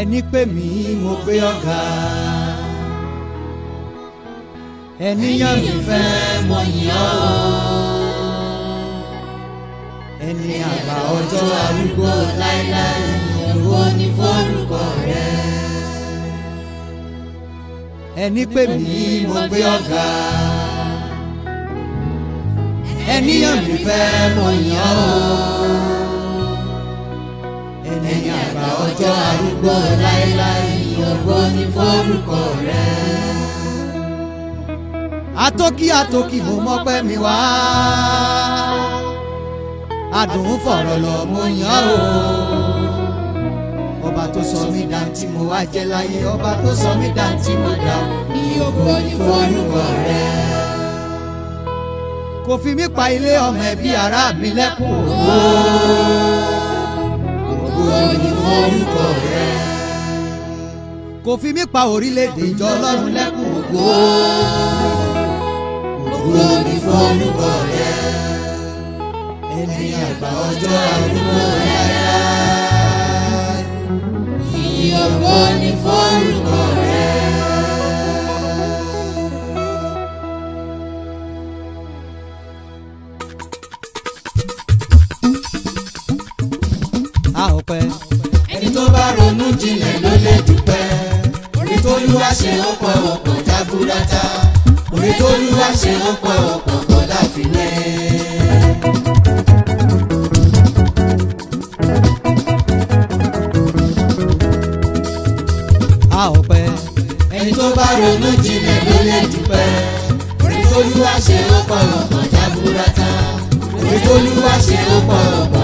ẹni pè mi mo gbé ọ̀gá ẹni yàn mí fẹ́ mo yàn ó ẹni àgbà ọjọ́ arúgbó láéláé ìyàwó ní forúkọ rẹ ẹni pè mi mo gbé ọ̀gá ẹni yàn mí fẹ́ mo yàn ó ẹni yàn ọjọ́ arúgbó láéláé ògo ni fórúkọ rẹ. atókí atókí mo mọ́pẹ́ mi wá adùn fọ̀rọ̀ lọ mo yàn ó ọba tó sọ mí dantí mo wá jẹ́ láyé ọba tó sọ mí dantí mo dá ní ògo ni kò fi mí pa ilé ọmọ ẹbí ará mi lẹ́kùn kò fi mí pa orílẹ̀-èdè ìjọ ọlọ́run lẹ́kùn ògo. ògo mi fọ́nùkọ rẹ ẹni àgbà ọjọ́ àdúgbò rẹ yá. iye ọgbọ́n. ṣe ó pọ̀ ọ̀pọ̀ jábúrátá orí tó lúwa ṣe ó pọ̀ ọ̀pọ̀ kọ́ láfiwé. a ò pẹ́. ẹni tó bá ronú jinlẹ̀ ló lè dúpẹ́ orí tó lúwa ṣe ó pọ̀ ọ̀pọ̀ jábúrátá orí tó lúwa ṣe ó pọ̀ ọ̀pọ̀.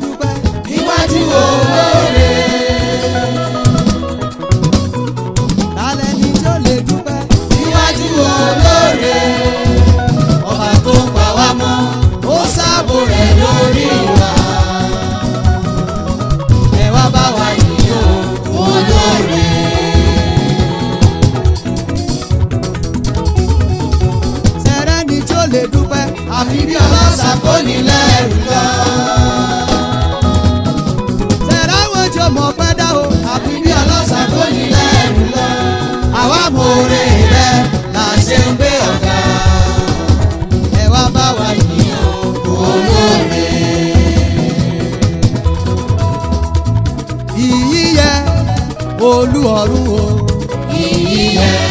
dúpẹ́ níwájú olóore. Tálẹ̀ ni tí ó lè dúpẹ́ níwájú olóore. Ọba tó ń pa wá mọ́, ó sáàbò rẹ̀ lórí wa. Ẹ bá wa yìí olóore. Sẹ̀rẹ́ ni tí lè dúpẹ́ àfi bí ọlọ́sàkó nílẹ̀ ẹ̀rù ìyí yẹ olú ọ̀run o. ìyí yẹ.